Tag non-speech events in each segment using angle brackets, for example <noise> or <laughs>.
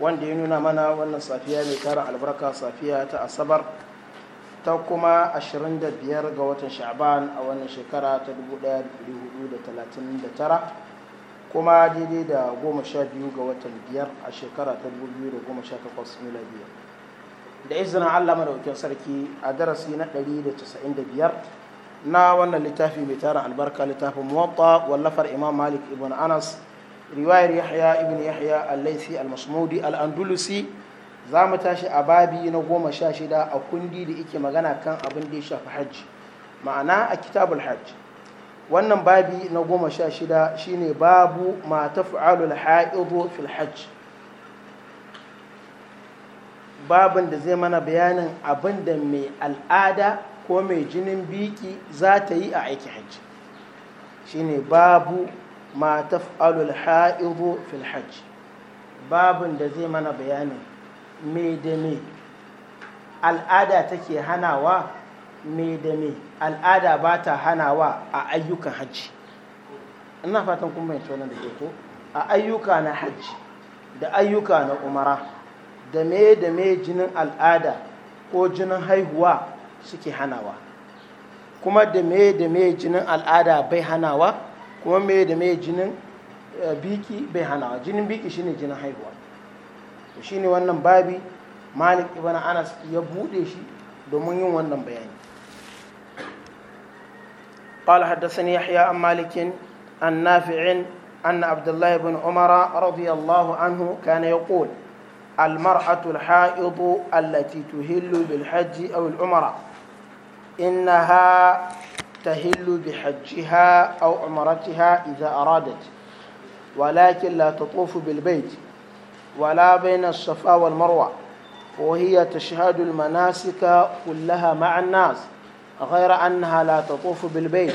wanda ya nuna mana wannan safiya mai tarin albarka safiya ta asabar ta kuma 25 ga watan sha'ban a wannan shekara ta 1439 kuma daidai da 12 ga watan biyar a shekara ta 2018 miladiya da izinin allah madaukin sarki a darasi na 195 na wannan littafi mai tarin albarka littafin muwatta wallafar imam malik ibn anas riwayar yahya ibn yahya al-laisi al-masmudi al andulusi za mu tashi a babi na goma sha shida a kundi da ike magana kan abin da ya shafi hajji ma'ana a kitabul hajji wannan babi na goma sha shida shine babu ma taf'alul ha'idu fil hajj babin da zai mana bayanin abin da mai al'ada ko mai jinin biki za ta yi a aiki hajji shine babu ma taf'alul ha'idu fil hajj babin da zai mana bayanin me da me al'ada take hanawa me da me al'ada ba ta hanawa a ayyukan hajji ina fatan kun bayyana wannan da ke ko a ayyuka na hajji da ayyuka na umara da me da me jinin al'ada ko jinin haihuwa suke hanawa kuma da me da me jinin al'ada bai hanawa kuma me da me jinin eh, biki bai hana jinin biki shine jinin haihuwa to shine wannan babi malik ibn anas ya bude shi domin yin wannan bayani قال حدثني يحيى عن مالك عن نافع أن عبد الله بن عمر رضي الله عنه كان يقول المرأة الحائض التي تهل بالحج أو العمرة إنها تهل بحجها أو عمرتها إذا أرادت ولكن لا تطوف بالبيت ولا بين الصفا والمروة وهي تشهد المناسك كلها مع الناس غير أنها لا تطوف بالبيت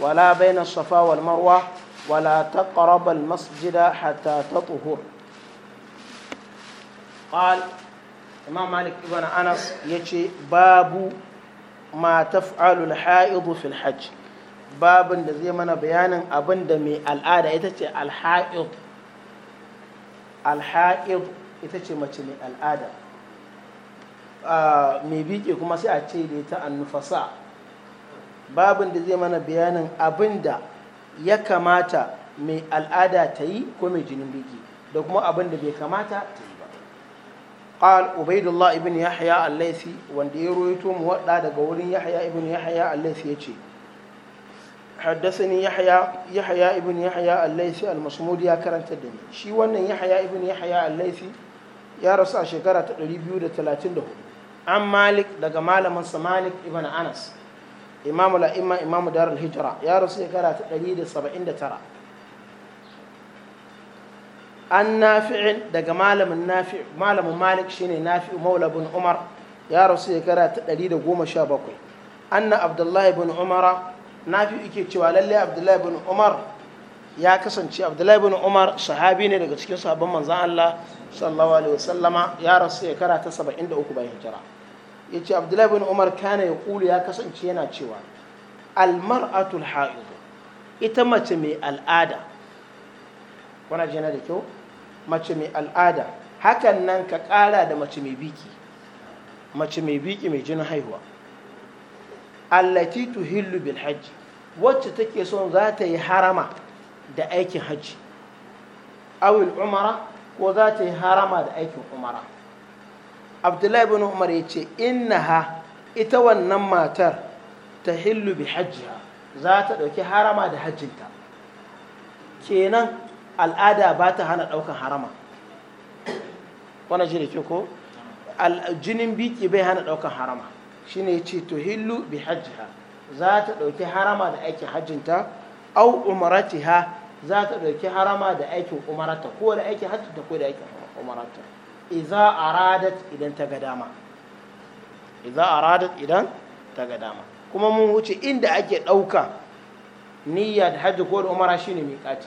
ولا بين الصفا والمروة ولا تقرب المسجد حتى تطهر قال إمام مالك بن أنس يجي باب ma taf'alul ha'idu fil hajj babin da zai mana bayanin abin da mai al'ada ita ce alha'id alha'id ita ce mace mai al'ada mai biƙe kuma sai a ce da ita annufasa babin da zai mana bayanin abin da ya kamata mai al'ada ta yi ko mai jinin biki da kuma abin da bai kamata ta yi قال عبيد الله ابن يحيى الليثي وندي يرويتو مودا daga wurin يحيى ابن يحيى الليثي yace حدثني يحيى يحيى ابن يحيى الليثي المصمودي يا karanta da ni shi wannan يحيى ابن يحيى الليثي ya rasu a shekara ta 234 an malik daga malamin sa malik ibn anas imamu la'imma imamu darul hijra ya rasu shekara ta tara. an nafi'in daga malamin nafi' malamin malik shine nafi' maula bin umar ya rasu shekara ta 117 anna abdullahi bin umara nafi yake cewa lallai abdullahi bin umar ya kasance abdullahi bin umar sahabi ne daga cikin sahabban manzan Allah sallallahu alaihi wasallama ya rasu shekara ta 73 bayan hijira ce abdullahi bin umar kana ya kulu ya kasance yana cewa almar'atul ha'id ita mace mai al'ada kuna jina da kyau mace mai al'ada hakan nan ka ƙara da mace mai biki mace mai biki mai jinin haihuwa allati tuhillu bil hajji wacce take son za ta yi harama da aikin hajji awil umara ko za ta yi harama da aikin umara abdullahi bin umar ya ce innaha ita wannan matar ta hillu bi hajjiha za ta ɗauki harama da hajjinta kenan al'ada ba ta hana ɗaukan harama wannan shi da ko jinin biki bai hana ɗaukan harama shi ne ce to hillu bi hajjiha za ta ɗauki harama da aikin hajjinta au umaratiha za ta ɗauki harama da aikin umarata ko da aikin hajjinta ko da aikin umarata iza aradat idan ta ga dama iza aradat idan ta ga dama kuma mun wuce inda ake ɗauka niyya da hajji ko da umara shine miƙati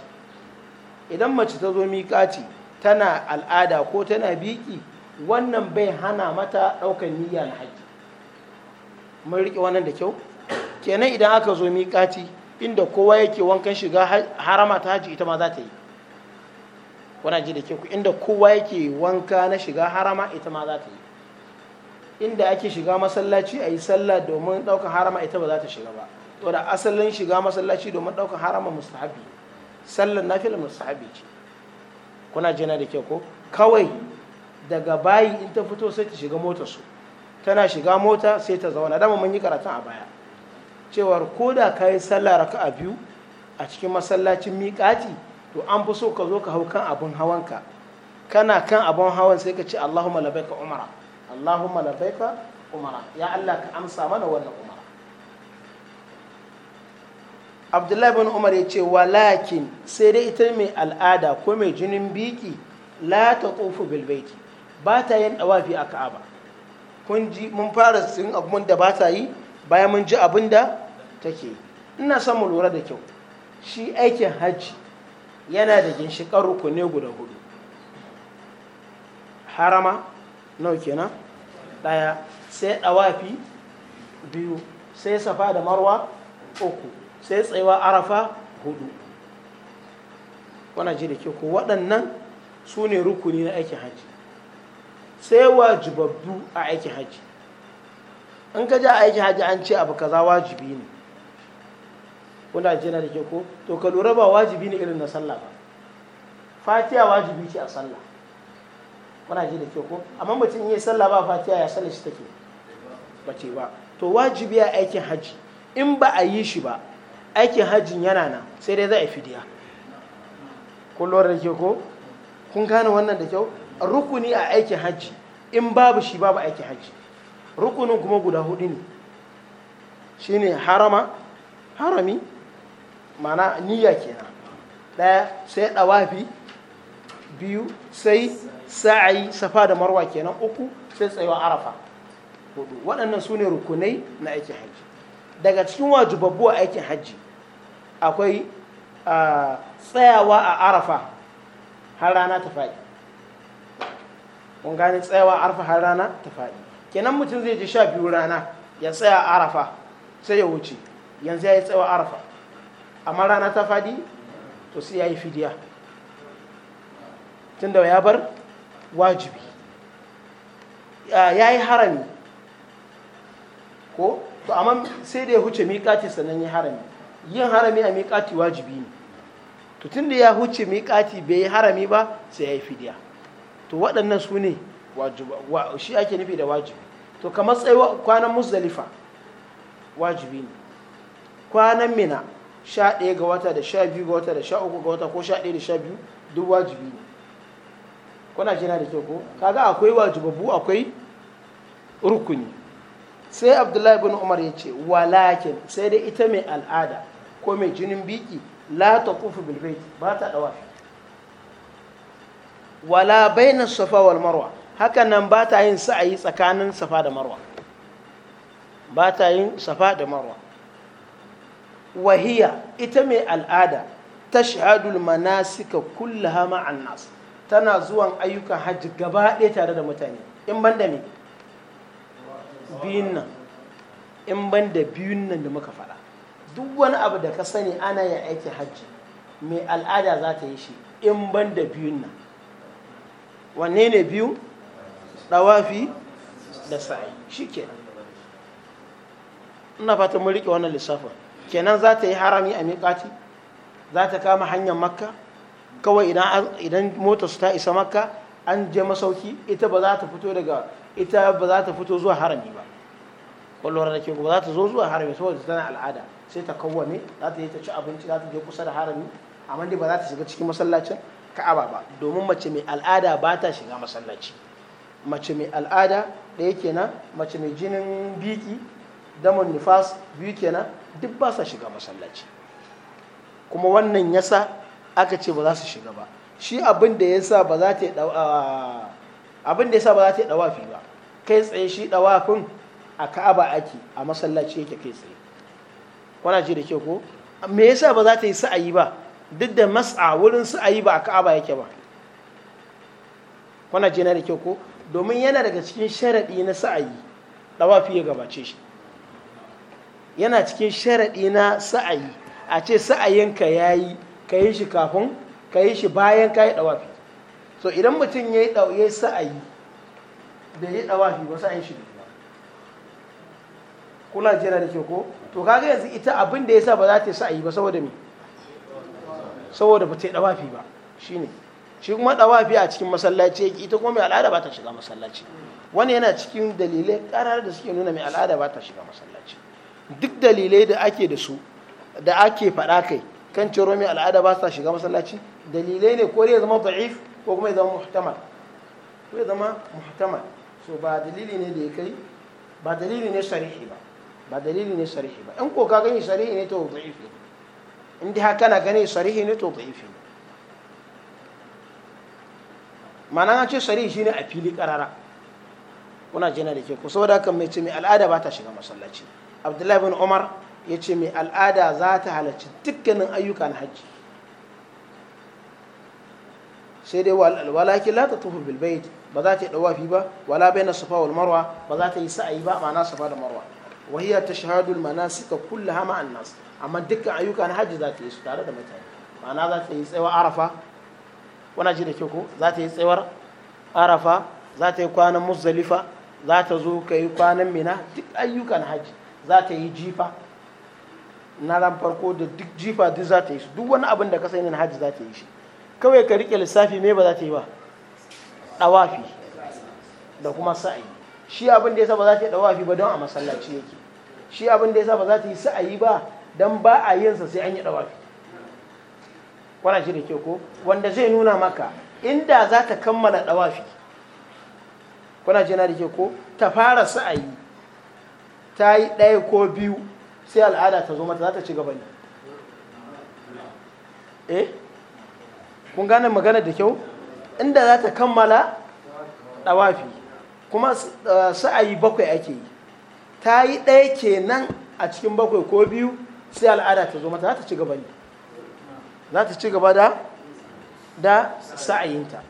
idan mace ta zo miƙaci tana al'ada ko tana biki wannan bai hana mata ɗaukar niyya na haƙƙi. mun riƙe wannan da kyau kenan idan aka zo miƙaci, inda kowa yake wankan shiga harama ta haji ita ma za ta yi wana ji da ke ku inda kowa yake wanka na shiga harama ita ma za ta yi inda ake shiga masallaci a yi sallah domin ɗaukar harama ita ba za ta shiga ba to da asalin shiga masallaci domin ɗaukar harama mustahabi sallar nafila musahabi ce kuna jina da kyau ko kawai daga bayi in ta fito sai ta shiga mota su tana shiga mota sai ta zauna dama mun yi karatun a baya cewar ko da ka yi sallah a biyu a cikin masallacin miƙati to an fi so ka zo ka hau kan abin ka kana kan abin hawan sai ka ce Allahumma labaika umara Allahumma labaika umara ya Allah ka amsa mana wannan abdullahi bin umar ya ce wa walakin sai dai ita mai al'ada ko mai jinin biki la ta ƙofu bilbaiti ba ta yin dawafi a ka'aba kun ji mun fara sun abun da ba ta yi bayan mun ji abin da take yi ina son mu lura da kyau shi aikin hajji yana da ginshiƙar rukuni guda hudu harama nau kenan ɗaya sai ɗawafi biyu sai safa da marwa uku sai tsayawa arafa hudu wana ji da ke ko waɗannan su ne rukuni na aikin hajji sai wajibabbu a aikin hajji in ka a aikin hajji an ce abu kaza wajibi ne wanda ji na da ke ko to ka lura ba wajibi ne irin na sallah ba fatiya wajibi ce a sallah wana ji da ke ko amma mutum yi sallah ba fatiya ya sallah shi take ba ce ba to wajibi a aikin hajji in ba a yi shi ba aikin hajjin yana nan sai dai za a yi fidiya kun da ke ko kun gane wannan da kyau rukuni a aikin hajji in babu shi babu aikin hajji rukunin kuma guda hudu ne shine harama harami mana niyya kenan daya sai dawafi biyu sai sa'ayi safa da marwa kenan uku sai tsayuwa arafa waɗannan su ne rukunai na aikin hajji daga cikin wajibabbuwa aikin hajji akwai tsayawa a arafa har rana ta faɗi kun tsayawa a arafa har rana ta faɗi kenan mutum zai ji sha biyu rana ya tsaya a arafa sai ya wuce yanzu ya yi tsayawa arafa amma rana ta faɗi to sai ya yi fidiya tun da ya bar wajibi ya yi harami ko to amma sai da ya huce miƙati sannan ya harami yin harami a miƙati wajibi ne to tun da ya huce miƙati bai yi harami ba sai ya yi fidiya to waɗannan su ne shi ake nufi da wajibi to kamar tsaye kwanan musdalifa wajibi ne kwanan mina sha ɗaya ga wata da sha biyu ga wata da sha uku ga wata ko sha ɗaya da sha biyu duk wajibi ne kuna jina da kyau ko kaga akwai wajibabu akwai rukuni sai abdullahi bin umar ya ce walakin sai dai ita mai al'ada ko mai jinin biki la taqufu ba ta dawafi wala bainas safa wal marwa haka nan ba ta yin sa'ayi tsakanin safa da marwa ba ta yin safa da marwa wahiya ita mai al'ada tashhadul manasika kullaha ma'an nas tana zuwan ayyukan hajji gaba ɗaya tare da mutane in ban da me biyun nan in ban da biyun nan da muka faɗa duk wani abu da ka sani ana yin aikin hajji mai al'ada za ta yi shi in ban da biyun nan wanne ne biyu ɗawafi da sa'i shi ke ina fata mun riƙe wannan lissafin kenan za ta yi harami a miƙati za ta kama hanyar makka kawai idan motar su ta isa makka an je masauki ita ba za ta fito daga ita ba za ta fito zuwa harami ba kwallon da ke ba za ta zo zuwa harami saboda tana al'ada sai ta kawwame za ta yi ta ci abinci za ta je kusa da harami amma dai ba za ta shiga cikin masallacin ka'aba ba domin mace mai al'ada ba ta shiga masallaci mace mai al'ada da ɗaya na mace mai jinin biki damon nifas biyu kenan duk ba sa shiga masallaci kuma wannan yasa aka ce ba za su shiga ba shi abin da yasa ba za ta ba za ta yi dawafi ba kai tsaye shi dawafin a ka'aba ake a masallaci yake kai tsaye wana ji da ke ko me yasa ba za ta yi sa'ayi ba duk da mas'a wurin sa'ayi ba a ka'aba yake ba wana ji na da ke ko domin yana daga cikin sharaɗi na sa'ayi dawafi ya gabace shi yana cikin sharaɗi na sa'ayi a ce sa'ayinka ya yi ka yi shi kafin ka yi shi bayan ka yi dawafi so idan mutum ya yi sa'ayi da ya yi dawafi ba sa'ayin shi ne kula jira da ke ko to kaga yanzu ita abin da yasa ba za ta sa yi ba saboda me saboda ba ta dawafi ba shine shi kuma dawafi a cikin masallaci yake ita kuma mai al'ada ba ta shiga masallaci wani yana cikin dalilai karar da suke nuna mai al'ada ba ta shiga masallaci duk dalilai da ake da su da ake faɗa kai kan ciro mai al'ada ba ta shiga masallaci dalilai ne ko ya zama da'if ko kuma ya zama muhtamal ko ya zama muhtamal so ba dalili ne da ya kai ba dalili ne sharihi ba ba dalili ne sarihi ba in ko ka gani sarihi ne to da'ifi in dai haka na gani sarihi ne to da'ifi ne ma'ana an ce sarihi shine a fili karara kuna jina da ke ku saboda haka mai ce mai al'ada ba ta shiga masallaci abdullahi bin umar ya ce mai al'ada za ta halarci dukkanin ayyukan hajji sai dai walakin la ta tufu bilbait ba za ta yi dawafi ba wala bai na sufa wal marwa ba za ta yi sa'ayi ba ma'ana sufa da marwa wa hiya tashhadu al-manasika kullaha ma'an nas amma dukkan ayyuka na za ta yi su tare da mutane ma'ana za ta yi tsayawar arafa wana ji da ke ko za ta yi tsayawar arafa za ta yi kwanan za ta zo ka yi kwanan ayyukan za ta yi jifa na ran farko da duk jifa duk za ta yi su duk wani abin da ka sani na hajji za ta yi shi kawai ka rike lissafi me ba za ta yi ba dawafi da kuma Sa'ayi. shi abin da sa ba za ta yi ɗawafi ba don a masallaci yake shi abin da sa ba za ta yi sa'ayi ba don ba a yinsa sai an yi ɗawafi. wannan shi da ke ko wanda zai nuna maka inda za ta kammala ɗawafi. kuna jina da ke ko ta fara sa'ayi ta yi ɗaya ko biyu sai al'ada ta zo mata za ta ci gaba ne eh kun gane magana da kyau inda za ta kammala ɗawafi. kuma eh, sa'ayi bakwai ake yi ta yi ɗaya kenan a cikin bakwai ko biyu sai al'ada ta zo mata za ta ci gaba ne za ta ci gaba da da sa'ayinta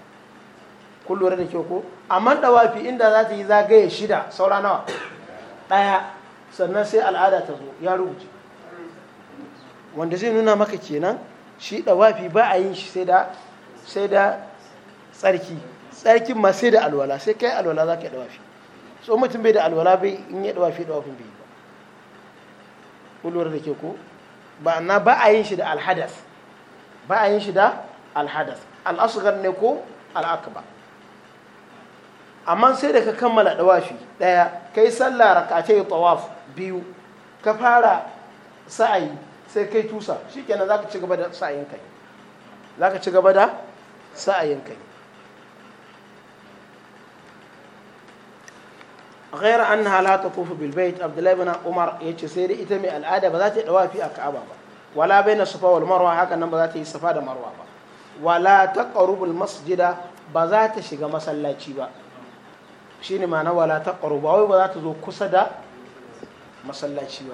kun lura da kyau ko amma fi inda za ta yi zagaye shida saura nawa ɗaya sannan sai al'ada ta zo ya rubuce wanda zai nuna maka kenan shi ɗawafi ba a yin shi sai sai da tsarki tsarkin ma sai da alwala sai kai alwala za ka yi dawafi so mutum bai da alwala bai in ya dawafi dawafin bai ba kulwar da ke ko ba na ba a yin shi da alhadas ba a yin shi da alhadas al'asugar ne ko al'akaba amma sai da ka kammala dawafi daya kai sallah rakatai tawaf biyu ka fara sa'ayi sai kai tusa shikenan zaka ci gaba da sa'ayin kai zaka ci gaba da sa'ayin kai غير أنها لا تطوف بالبيت عبد الله بن عمر يتسير إتمي العادة بذات الوافي أكعبا ولا بين الصفا والمروة هكذا بذات الصفا والمروة ولا تقرب المسجد بذات شيغا مسلاتي با شيني معنى ولا تقرب أو بذات ذو كسدا مسلاتي با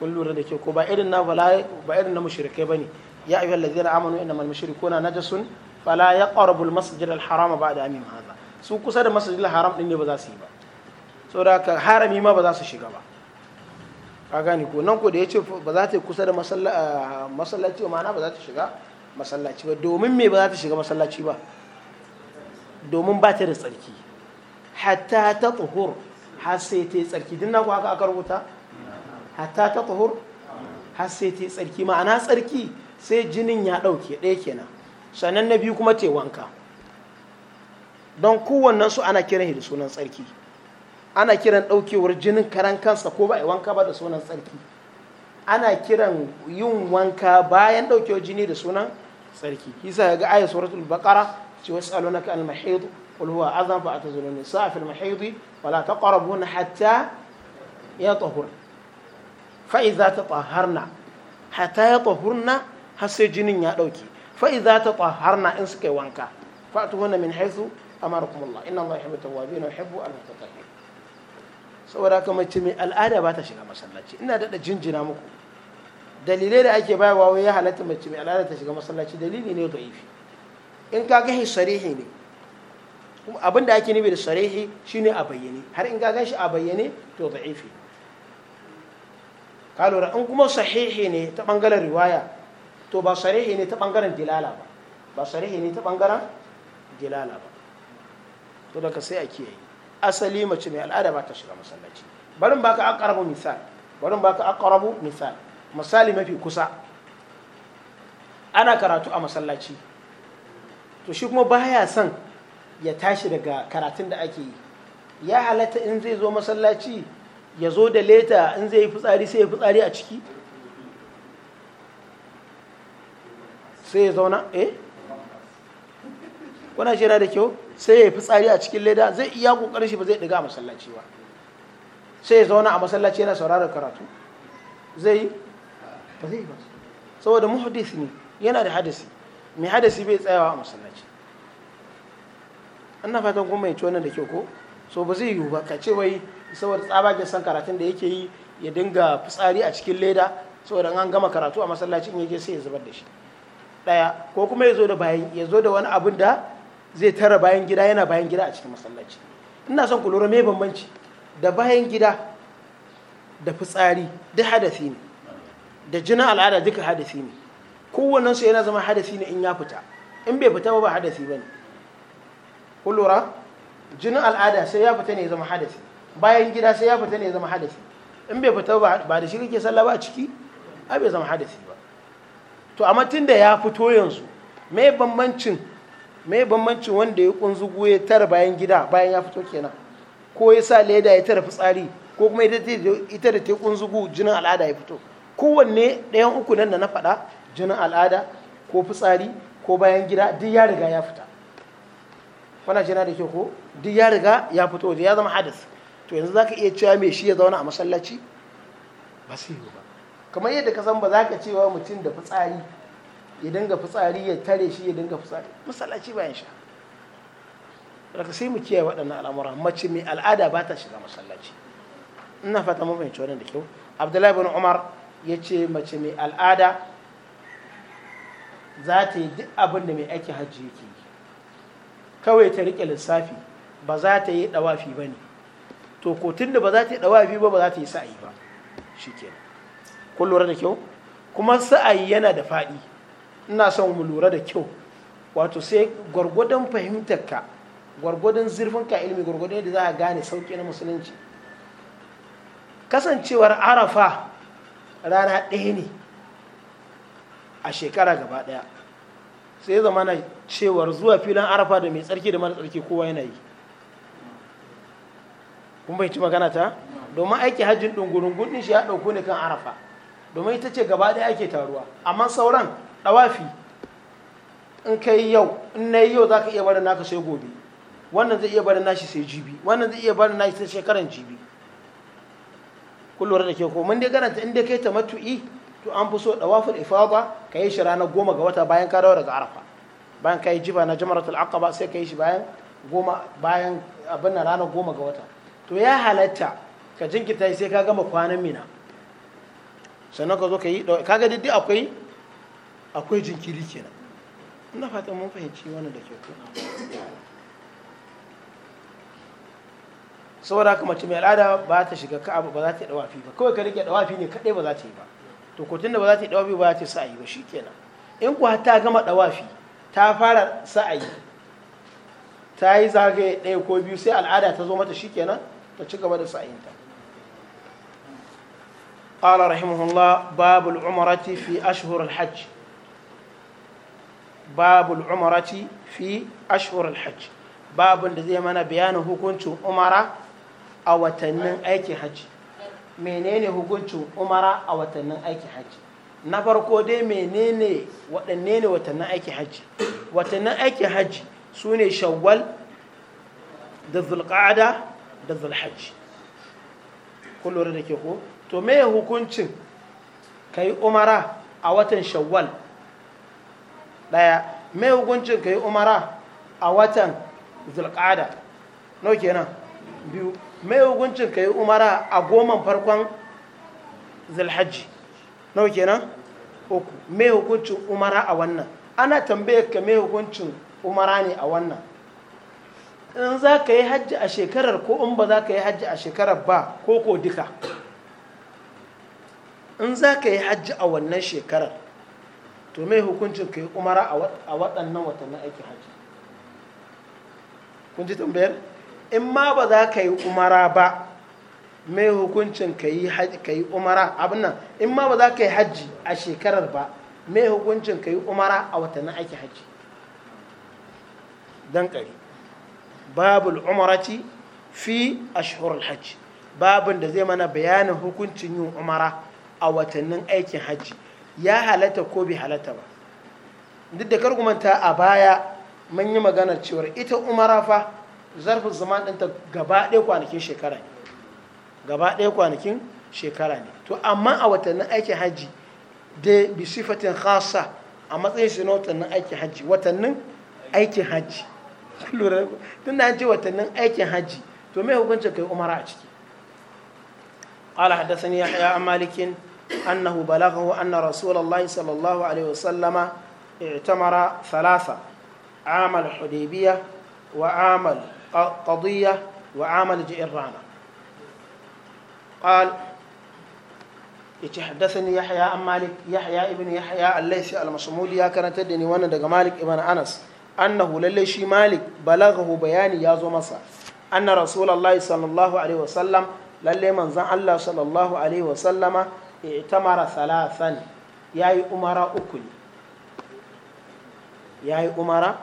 كل رد كيكو با إرنا ولا با إرنا مشركي بني يا أيها الذين آمنوا إنما المشركون نجس فلا يقرب المسجد الحرام بعد عام هذا سو كسدا مسجد الحرام إني بذات سيبا saboda ka harami ma ba za su shiga ba ka gane ko nan ko da ya ce ba za ta kusa da masallaci ma'ana ba za ta shiga masallaci ba domin me ba za ta shiga masallaci ba domin ba ta da tsarki hatta ta tsuhur har sai ta yi tsarki din ko haka aka rubuta hatta ta tsuhur har sai ta yi tsarki ma'ana tsarki sai jinin ya ɗauke ɗaya kenan sannan na biyu kuma ta wanka don kowannen su ana kiran shi da sunan tsarki ana kiran ɗaukewar jinin karan kansa ko ba a yi wanka ba da sunan tsarki ana kiran yin wanka bayan ɗaukewar jini da sunan tsarki yasa ga ayat suratul baqara ce was'alunaka al mahid qul huwa adhan fa atazilun nisaa fil mahid wa la taqrabuna hatta yatahur fa idza tatahharna hatta yatahurna har sai jinin ya ɗauke fa idza tatahharna in suka yi wanka fa atuhuna min haythu amarakumullah inna allaha yuhibbu at-tawwabin wa yuhibbu al-mutatahhirin saboda haka mace mai al'ada ba ta shiga masallaci ina daɗa jinjina muku dalilai da ake bayarwa wai ya halatta mace mai al'ada ta shiga masallaci dalili ne da'ifi in ka gashi sarihi ne abin da ake nufi da sarihi shine a bayyane har in ka gashi a bayyane to da'ifi ka lura in kuma sahihi ne ta bangaren riwaya to ba sarihi ne ta bangaren dilala ba ba sarihi ne ta bangaren dilala ba to daga sai a kiyaye asali mace mai al'ada ba ta shiga masallaci barin baka akarabu misal barin baka akarabu misal misali mafi kusa ana karatu a masallaci to shi kuma baya son ya tashi daga karatun da ake yi ya halatta in zai zo masallaci ya zo da leta in zai yi fitsari sai ya fitsari a ciki sai ya zauna eh kuna shira da kyau sai ya fitsari a cikin leda zai iya kokarin shi ba zai diga a masallaci ba sai ya zauna a masallaci yana sauraron karatu zai ba zai ba saboda muhdis ne yana da hadasi mai hadasi bai tsayawa a masallaci ina fatan kuma ya ci wannan da kyau ko so ba zai yiwu ba ka ce wai saboda tsabagen san karatun da yake yi ya dinga fitsari a cikin leda saboda an gama karatu a masallaci ya je sai ya zubar da shi daya ko kuma ya zo da bayan ya zo da wani abin da zai tara bayan gida yana bayan gida a cikin masallaci ina son ku lura mai bambanci da bayan gida da fitsari duk hadasi ne da jinin al'ada duka hadasi ne kowannen su yana zama hadasi ne in ya fita in bai fita ba ba hadasi ne ku lura jinin al'ada sai ya fita ne ya zama hadasi bayan gida sai ya fita ne ya zama hadasi in bai fita ba da shi kake sallah ba a ciki a bai zama hadasi ba to amma tun da ya fito yanzu mai bambancin me bambanci wanda ya kunzu ya tara bayan gida bayan ya fito kenan ko ya sa leda ya tara fitsari ko kuma ita da ta kunzugu jinin al'ada ya fito kowanne ɗayan uku nan da na faɗa jinin al'ada ko fitsari ko bayan gida duk ya riga ya fita wana jina da ke ko duk ya riga ya fito waje ya zama hadis to yanzu zaka iya cewa mai shi ya zauna a masallaci ba sai ba kamar yadda ka san ba za ka cewa mutum da fitsari ya dinga fitsari ya tare shi ya dinga fitsari masallaci bayan sha daga sai mu kiyaye waɗannan al'amura mace mai al'ada ba ta shiga masallaci ina fata mun fahimci wannan da kyau abdullahi bin umar ya ce mace mai al'ada za ta yi duk abin da mai aiki hajji yake yi kawai ta riƙe lissafi ba za ta yi ɗawafi ba ne to ko da ba za ta yi ɗawafi ba ba za ta yi sa'ayi ba shi kun lura da kyau kuma sa'ayi yana da faɗi ina son mu lura da kyau wato sai gwargwadon fahimtarka gwargwadon zirfinka ilimi gwargwadon yadda za a gane sauƙi na musulunci kasancewar arafa rana ɗaya ne a shekara gaba ɗaya sai zama na cewar zuwa filin arafa da mai tsarki da mara tsarki kowa yana yi kun bai ci magana ta domin aiki hajjin ɗungurungun ɗin shi ya ɗauko ne kan arafa domin ita ce gaba ɗaya ake taruwa amma sauran dawafi in ka yi yau in na yi yau za ka iya barin naka sai gobe wannan zai iya barin nashi sai jibi wannan zai iya barin nashi sai shekaran jibi kun lura da ke ko mun dai garanta in dai kai ta matu'i to an fi so dawaful ifada ka yi shi ranar goma ga wata bayan ka dawo daga arafa bayan ka yi jiba na jamaratul aqaba sai ka yi shi bayan goma bayan abin ranar goma ga wata to ya halatta ka jinkita sai ka gama kwanan mina sannan ka zo ka yi ka ga duk akwai akwai jinkiri kenan ina fatan mun fahimci wannan da ke ko saboda haka mace mai al'ada ba ta shiga ka'aba ba za ta yi dawafi ba kawai ka rike dawafi ne kadai ba za ta yi ba to ko tunda ba za ta yi dawafi ba za ta yi sa'ayi ba shikenan in kuwa ta gama dawafi ta fara sa'ayi ta yi zagaye ɗaya ko biyu sai al'ada ta zo mata shikenan ta ci gaba da sa'ayinta قال رحمه الله باب العمرة في أشهر الحج babul umarati fi ashhurul hajj babun da zai mana bayanin hukuncin umara a watannin aikin hajji menene hukuncin umara a watannin aikin hajji na farko dai menene waɗanne ne watannin aikin hajji watannin aikin hajji su ne shawwal da zulƙada da zulhajji kullum da ke ko to me hukuncin ka yi umara a watan shawwal ɗaya mai hukuncin ka yi umara a watan zulƙada nau kenan biyu mai hukuncin ka yi umara a goman farkon zulhajji nau kenan uku mai hukuncin umara a wannan ana tambayar ka mai hukuncin umara ne a wannan in za ka yi hajji a shekarar ko in ba za ka yi hajji a shekarar ba ko ko duka in za ka yi hajji a wannan shekarar to mai hukuncin kai umara a waɗannan watannin aikin hajji kun ji tambayar in ma ba za ka yi umara ba mai hukuncin ka yi umara abinnan in ma ba za ka yi hajji a shekarar ba mai hukuncin ka yi umara a watannin aikin hajji don ƙari babul umarati fi ashhurul hajji babin da zai mana bayanin hukuncin yin umara a watannin aikin hajji ya halatta ko bai halatta ba duk da karkumanta a baya mun yi maganar cewar ita umara fa zarfin zaman ɗinta gaba ɗaya kwanakin shekara ne gaba ɗaya kwanakin shekara ne to amma a watannin aikin hajji da sifatin khasa a matsayin shi na watannin aikin hajji watannin aikin hajji tun da an ce watannin aikin hajji to mai hukuncin kai umara a ciki قال حدثني يحيى عن مالك أنه بلغه أن رسول الله صلى الله عليه وسلم اعتمر ثلاثة عام الحديبية وعام القضية وعام الجئرانة قال يتحدثني يحيى عن مالك يحيى ابن يحيى الليثي المصمودي يا كانت تدني وانا دغ مالك ابن انس انه للي شي مالك بلغه بياني يا زو مسا ان رسول الله صلى الله عليه وسلم للي منزل الله صلى الله عليه وسلم itamara salasan ya yi umara uku ne ya yi umara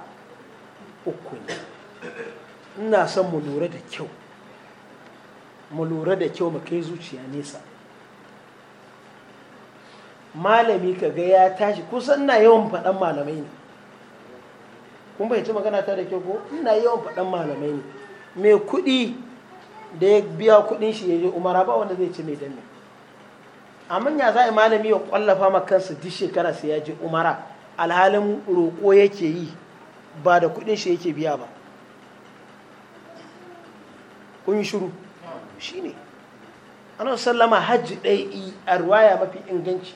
uku ne ina son mu lura da kyau mu lura da kyau mu kai zuciya nesa malami kaga ya tashi kusan na yawan faɗan malamai ne kun bai ci magana ta da kyau ko ina yawan faɗan malamai ne mai kuɗi da ya biya kuɗin shi ya je umara ba wanda zai ci mai danne amma ya za a malami ya kwallafa ma kansa duk shekara sai ya je umara alhalin roƙo yake yi ba da kuɗin shi yake biya ba kun yi shiru shi ne ana sallama hajji ɗaya yi a ruwaya mafi inganci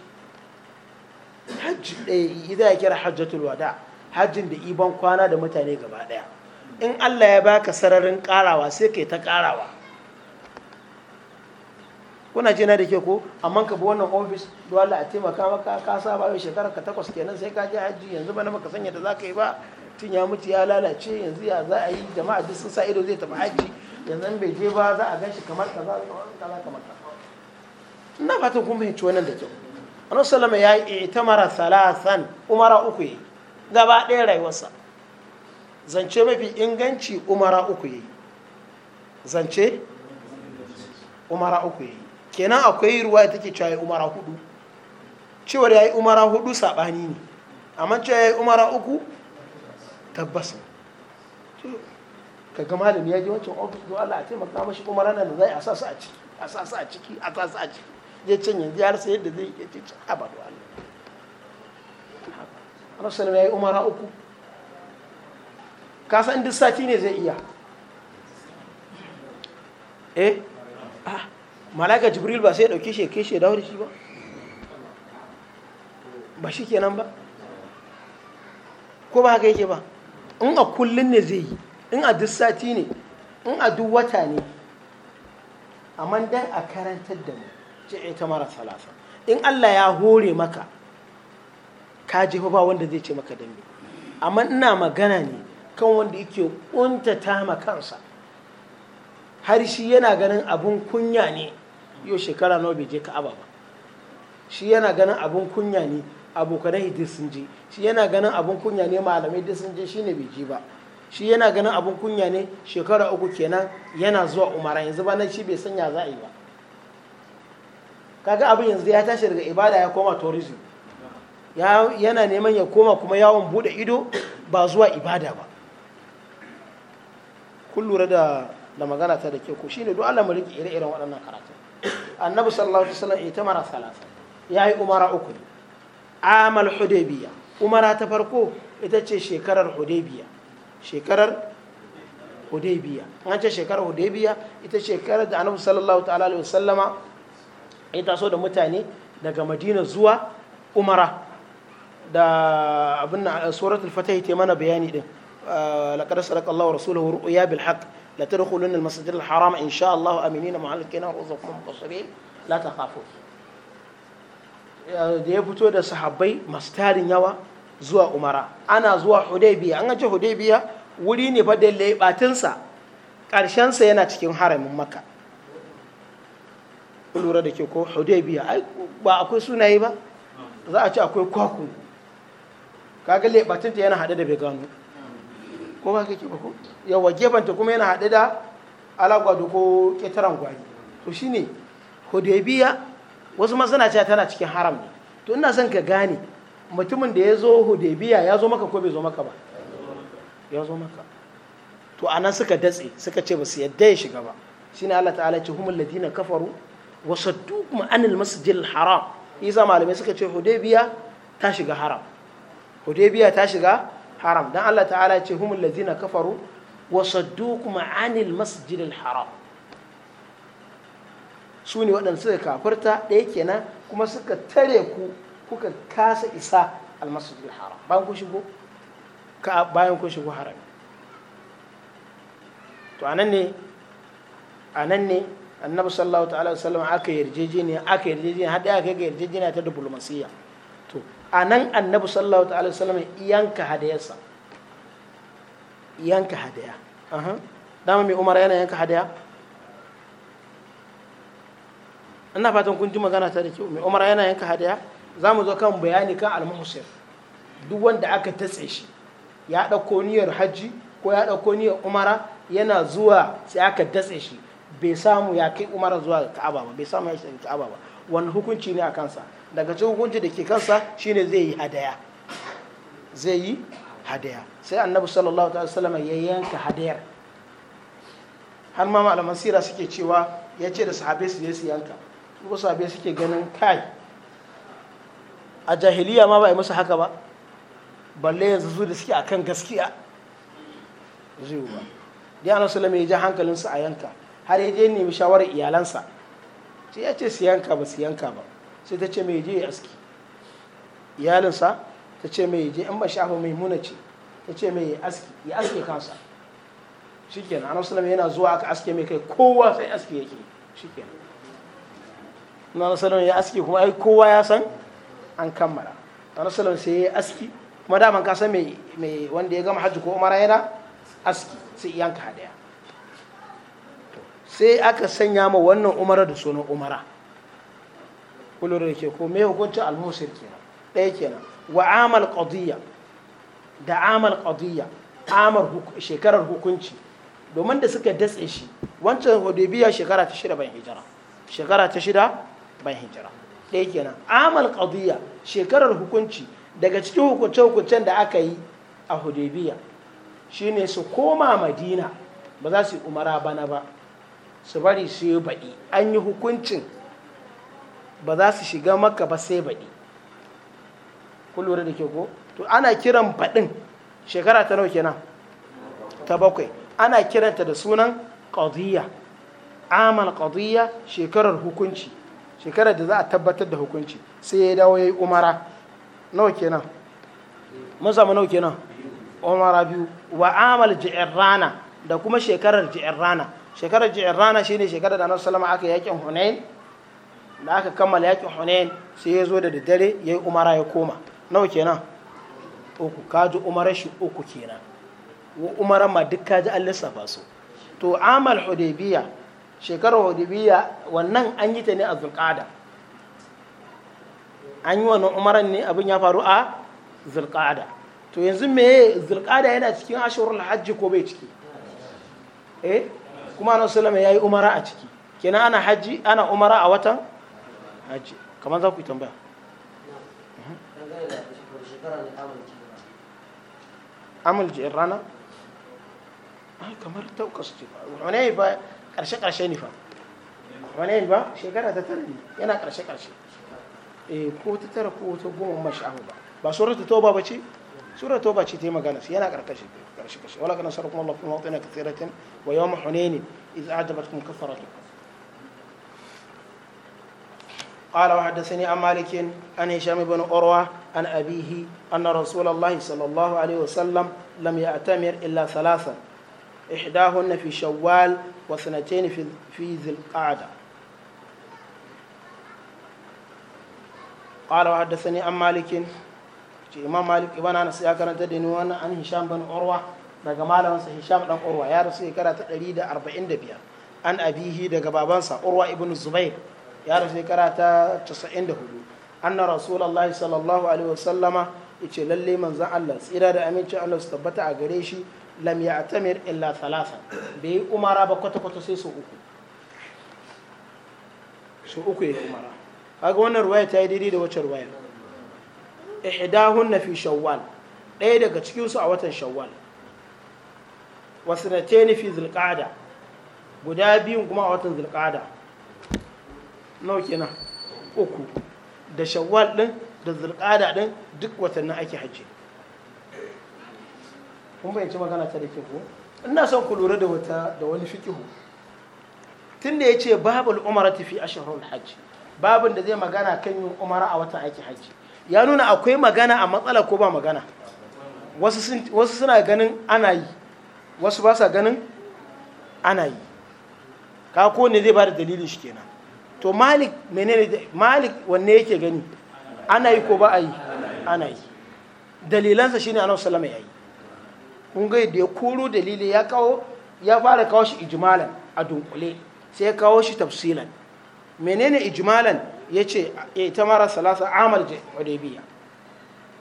hajji ɗaya yi idan ya kira hajjatul wada hajjin da iban kwana da mutane gaba ɗaya in allah ya baka sararin ƙarawa sai kai ta ƙarawa kuna ce na da ke ko amma ka bi wannan ofis dole a taimaka maka ka saba yau shekara ka takwas kenan sai ka je hajji yanzu ba na baka sanya da za ka yi ba tun ya mutu ya lalace yanzu ya za a yi jama'a duk sun sa ido zai tafi hajji yanzu bai je ba za a ganshi kamar ka za ka maka ina fata kun fahimci wannan da kyau annabi sallama ya yi itamara salasan umara uku yi gaba ɗaya rayuwarsa zance mafi inganci umara uku yi zance umara uku yi kenan akwai ruwa ya take cewa ya umara hudu cewar ya yi umara hudu saɓani ne amma cewa ya yi umara uku tabbas ka malami ya ji wancan ofis don Allah a taimaka mashi umara nan da zai a sasa a ciki a sasa a ciki a sasa a ciki ya can yanzu ya rasa yadda zai ya ce a ba da Allah rasul ya yi umara uku ka san duk sati ne zai iya eh ah malaka jibril ba sai ya ɗauke shi ya shi ya dawo da shi ba ba shi kenan ba ko ba haka yake ba in a kullun ne zai yi in a duk sati ne in a duk wata ne amma dan a karantar da mu ce ita eh, mara salasa in Allah ya hore maka ka jefa ba wanda zai ce maka dambe amma ina magana ne kan wanda yake kuntata ma kansa har shi yana ganin abun kunya ne yau shekara nawa bai je ka'aba ba shi yana ganin abun kunya ne abokanai hidin sun je shi yana ganin abun kunya ne malamai duk sun je shine bai je ba shi yana ganin abun kunya ne shekara uku kenan yana zuwa umara yanzu ba na shi bai sanya za a yi ba kaga abin yanzu ya tashi daga ibada ya koma tourism yana neman ya koma kuma yawon bude ido ba zuwa ibada ba kun lura da magana ta da ke ku shine duk Allah mu rike ire-iren waɗannan karatu annabi sallallahu alaihi wasallam ita mara salasa yayi umara uku amal hudaybiya umara ta farko ita ce shekarar hudaybiya shekarar hudaybiya an ce shekarar hudaybiya ita shekarar da annabi sallallahu ta'ala alaihi wasallama ya taso da mutane daga madina zuwa umara da abin suratul fatah ta mana bayani din ah, laqad sadaqa Allahu rasuluhu ru'ya bil haqq la tadkhulunna al-masjid al-haram insha Allah aminina mu'allikina ruzuqum qasirin la da ya fito da sahabbai masu tarin yawa zuwa umara ana zuwa hudaybiya an ce hudaybiya wuri ne fa da laibatinsa ƙarshensa yana cikin haramin maka. lura da ke ko hudaybiya ai ba akwai sunaye ba za a ce akwai kwaku kaga laibatinta yana hada da bai gano ko ba kake ba ko yawa gefanta kuma yana haɗe da alagwado ko ƙetaren gwari to shine hudaybiya wasu masana tana cikin haram ne to ina son ka gane mutumin da ya zo hudaybiya ya zo maka ko bai zo maka ba ya zo maka to anan suka datse suka ce ba su yadda ya shiga ba shi ne Allah ta'ala ce humul ladina kafaru wa sadduqum anil masjidil haram isa malamai suka ce hudaybiya ta shiga haram hudaybiya ta shiga haram don Allah ta'ala ce humul ladzina kafaru wa saddukum anil masjidil haram su ne waɗanda suka kafirta ɗaya kenan kuma suka tare ku kuka kasa isa almasjidil haram bayan kun shigo bayan kun shigo haram to anan ne anan ne annabi sallallahu ta'ala alaihi wasallam aka yarjejeniya aka yarjejeniya har da aka yarjejeniya ta diplomasiya a nan annabi sallallahu alaihi wasallam yanka hadayarsa yanka hadaya dama mai umar yana yanka hadaya ina fatan kun ji magana ta da kyau mai umar yana yanka hadaya za mu zo kan bayani kan al almuhsir duk wanda aka tatse shi ya ɗauko niyyar hajji ko ya ɗauko niyyar umara yana zuwa sai aka datse shi bai samu ya kai umara zuwa ka'aba ba bai samu ya kai ka'aba ba wani hukunci ne a kansa daga cikin hukunci da ke kansa shine zai yi hadaya zai yi hadaya sai annabi sallallahu alaihi wasallam ya yanka hadayar har ma malaman sira suke cewa ya ce da sahabai su ne su yanka ko sahabai suke ganin kai a jahiliya ma ba yi musu haka ba balle yanzu zuwa da suke akan gaskiya zai ba dai annabi sallallahu ya ji hankalinsu a yanka har ya je nemi shawarar iyalansa sai ya ce su yanka ba su yanka ba sai ta ce mai je ya aski iyalinsa ta ce mai je in ba shafa mai muna ce ta ce mai ya aski ya aske kansa shikenan annabi sallallahu yana zuwa aka aske mai kai kowa sai aski yake shikenan annabi sallallahu ya aski kuma ai kowa ya san an kammala annabi sallallahu sai ya aski kuma daman ka san mai mai wanda ya gama hajji ko umara yana aski sai yanka hadaya sai aka sanya ma wannan umara da sunan umara kullum da ke ko mai hukuncin al-musir kenan ɗaya kenan wa amal qadiyya da amal qadiyya amal shekarar hukunci domin da suka datse shi wancan hudubiya shekara ta shida ban hijira shekara ta shida ban hijira ɗaya kenan amal qadiyya shekarar hukunci daga cikin hukunce-hukuncen da aka yi a hudaybiya shine su koma madina ba za su yi umara bana ba su bari su yi baɗi an yi hukuncin ba za su shiga maka ba sai baɗi kun lura da ke ko to ana kiran baɗin shekara ta nawa kenan ta bakwai ana kiranta da sunan qadiyya amal qadiyya shekarar hukunci shekarar da za a tabbatar da hukunci sai ya dawo yi umara nawa kenan mun samu nawa kenan umara biyu wa amal rana da kuma shekarar rana shekarar shi shine shekarar da Annabi sallallahu aka yakin Hunain da aka kammala yakin hunain sai ya zo da daddare ya yi umara ya koma nawa kenan uku kaji umarar shi uku kenan umarar ma duk kaji an lissafa su to amal hudaybiya shekarar hudaybiya wannan an yi ta ne a zulqada an yi wannan umaran ne abin ya faru a zulqada to yanzu me zulqada yana cikin ashurul hajji ko bai ciki eh kuma annabi ya yayi umara a ciki kenan ana hajji ana umara a watan aji kamar za ku yi tambaya amal ji rana kamar ta ce ba ne fa ba shekara ta tara ne yana eh, ko ta tara ko ta goma ba ba surat ba ce surat ce ta yi magana su yana wala kana Allah kuma wa قال وحدثني عن مالك عن هشام بن عروة عن أبيه أن رسول الله صلى الله عليه وسلم لم يأتمر إلا ثلاثا إحداهن في شوال واثنتين في في ذي القعدة قال وحدثني عن مالك إمام مالك ابن أنس يا كان تدني وأنا عن هشام بن عروة daga malamansa Hisham dan Urwa ya rasu shekara ta 145 an abihi daga babansa Urwa ibn Zubair ya rasu shekara ta 94 anna rasulullahi sallallahu alaihi wasallama yace lalle manzon Allah tsira da aminci Allah su tabbata a gare shi lam ya'tamir illa thalatha bai umara ba kwata kwata sai su uku su uku ya umara kaga wannan ruwaya ta yi daidai da wacce ruwaya ihdahunna fi shawwal ɗaya daga cikin su a watan shawwal wasu na fi zulqa'ada guda biyun kuma a watan zulqa'ada nawa kenan uku da shawwal din da zulqada din duk watannin ake hajji kun ci magana ta da ke ko ina son ku lura da wata da wani fikihu tunda ce babul ta fi ashrul hajji babin da zai magana kan yin umara a watan ake hajji ya nuna akwai magana a matsala ko ba magana wasu suna ganin ana yi wasu ba sa ganin ana yi kako ne zai ba da dalilin shi kenan to malik menene malik wanne yake gani ana yi ko ba a yi ana yi dalilansa shine annabi sallama yayi kun ga da ya koro dalili ya kawo ya fara kawo shi ijmalan a dunkule sai ya kawo shi tafsilan menene ijmalan yace eh, ita mara salasa amal je hudaybiya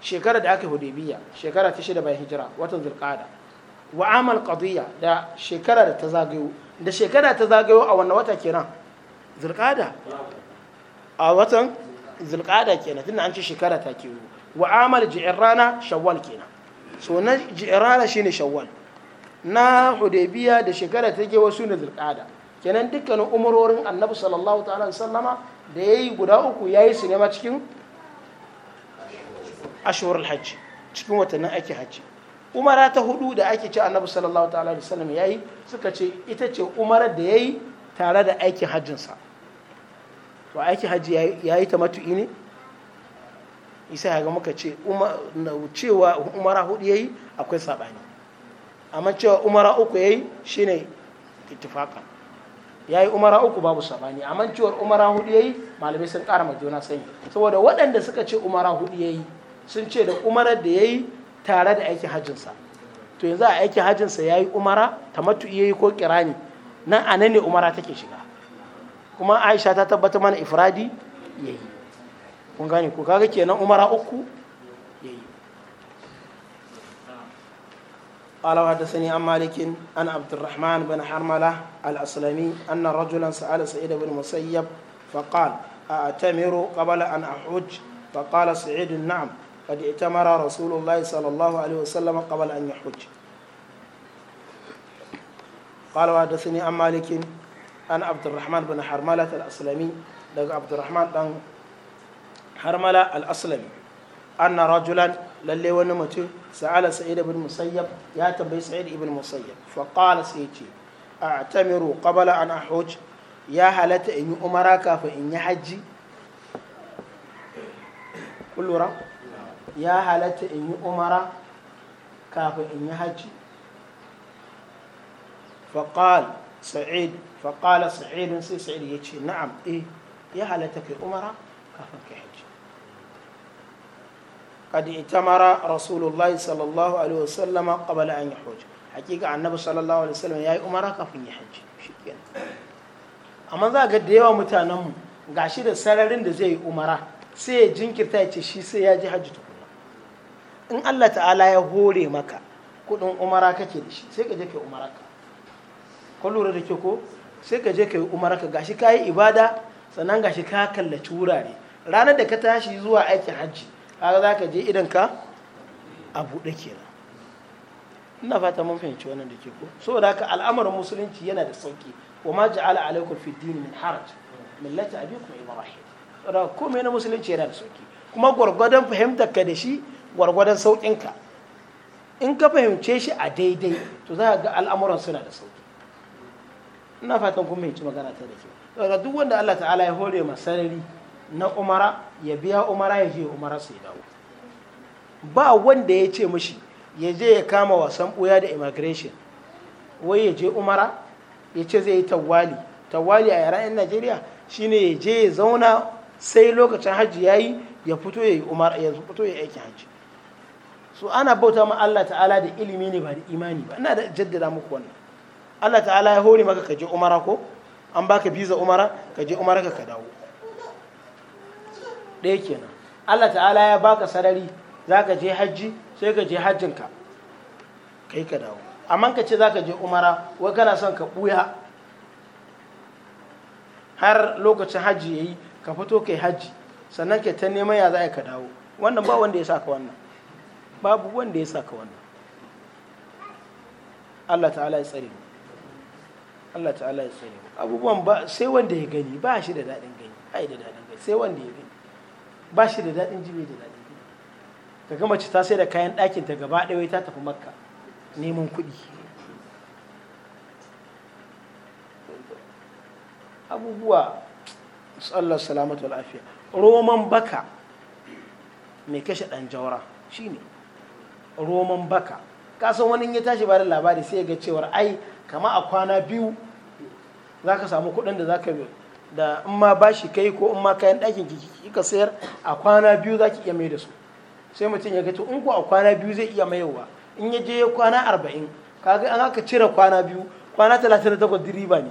shekara da aka hudaybiya shekara ta shida bayan hijira watan zulqada wa amal qadiyya da shekara da ta zagayo da shekara ta zagayo a wannan wata kenan zulqada a watan zulqada kenan tunda an ce shekara ta kewo wa amal ji'rana shawwal kenan so na shi shine shawwal na hudaybiya da shekara ta ke wasu ne zulqada kenan dukkanin umarorin annabi sallallahu ta'ala sallama da yayi guda uku yayi su ne ma cikin ashhurul hajj cikin watannin ake hajji umara ta hudu da ake ce annabi sallallahu ta'ala alaihi wasallam yayi suka ce ita ce umarar da yayi tare da aikin hajjinsa to aiki hajji ya yi ta matu'i ne isa ya ga muka ce cewa umara hudu ya yi akwai saɓani amma cewa umara uku ya yi shi ne ittifaka ya yi umara uku babu saɓani amma cewa umara hudu ya yi malamai sun ƙara ma juna sani saboda waɗanda suka ce umara hudu ya yi sun ce da umarar da ya yi tare da aikin hajjinsa to yanzu a aikin hajjinsa ya yi umara ta matu'i ya yi ko kirani nan a nan ne umara take shiga kuma aisha ta tabbata mana ifradi yayi kun gane ko kaga kenan umara uku yayi قال وحدثني عن مالك عن عبد الرحمن بن حرملة الأسلمي أن رجلا سأل سعيد بن مسيب فقال أأتمر قبل أن أحج فقال سعيد نعم قد ائتمر رسول الله صلى الله عليه وسلم قبل أن يحج قال وحدثني عن مالك an Abdulrahman bin harmala al-aslami daga Abdulrahman dan harmala al-aslami anna rajulan lalle wani mutum sa'ala sa'id ibn musayyab ya tambayi sa'id ibn musayyab fa qala sai ce tamiru qabla an ahuj ya halatta in yi umara kafin in yi hajji kullura ya halatta in yi umara kafin in yi hajji فقال سعيد faƙala sa'idin sai ya ce na'am eh ya halatta kai umara kafin kai hajji قد اتمر رسول الله صلى الله عليه وسلم قبل أن يحج حقيقة النبي صلى الله عليه وسلم يا أمرا كفن يحج شكرا amma za ga da yawa mutanenmu ga shi da sararin da zai yi umara sai ya jinkirta ya ce shi sai ya ji hajji tukuna in allah ta'ala ya hore maka kuɗin umara kake da shi sai ka je ka umara ka lura da ke ko sai ka je ka yi umarka gashi ka yi ibada sannan gashi ka kallaci wurare ranar da ka tashi zuwa aikin hajji kaga za ka je idan ka a buɗe kenan ina fata mun fahimci wannan da ke ko saboda haka al'amarin musulunci yana da sauki wa ma ja'ala alaikum fi dini min haraj millata abikum ibrahim saboda komai na musulunci yana da sauki kuma gwargwadon fahimtar ka da shi gwargwadon saukinka in ka fahimce shi a daidai to za ka ga al'amuran suna da sauki ina fatan kun mai magana ta da ke daga duk wanda Allah ta'ala ya hore ma sarari na umara ya biya umara ya je umara sai dawo ba wanda ya ce mishi ya je ya kama wasan ɓuya da immigration wai ya je umara ya ce zai yi tawali tawali a yara 'yan najeriya shine ya je ya zauna sai lokacin hajji ya yi ya fito ya yi umara ya fito ya aiki hajji so ana bauta ma Allah ta'ala da ilimi ne ba da imani ba ina da jaddada muku wannan Allah ta'ala ya hori maka ka je umara ko an baka biza umara ka je umara ka dawo ɗaya kenan Allah ta'ala ya baka sarari za ka je hajji sai ka je hajjinka kai ka dawo amma ka ce za ka je umara wai kana son ka ɓuya har lokacin hajji ya yi ka fito kai hajji sannan ka ta neman ya za ka dawo wannan ba wanda ya sa ka wannan babu wanda ya sa ka wannan Allah ta'ala ya tsare mu Allah ta'ala ya tsare abubuwan ba sai wanda ya gani ba shi da daɗin gani ai da daɗin gani sai wanda ya gani ba shi da daɗin ji da daɗin gani ka ga mace ta sai da kayan ɗakin ta gaba ɗaya ta tafi makka neman kuɗi abubuwa Allah salamatu wal afiya roman baka mai kashe ɗan jawara shine roman baka kasan wani ya tashi ba da labari sai ya ga cewar ai kama a kwana biyu za ka samu kudin da za ka da in ma bashi kai ko in ma kayan ɗakin ki ka sayar a kwana biyu za ki iya mai da su sai mutum ya ga to in ko a kwana biyu zai iya mayowa in ya je kwana arba'in kaga an haka cire kwana biyu kwana talatin da takwas diriba ne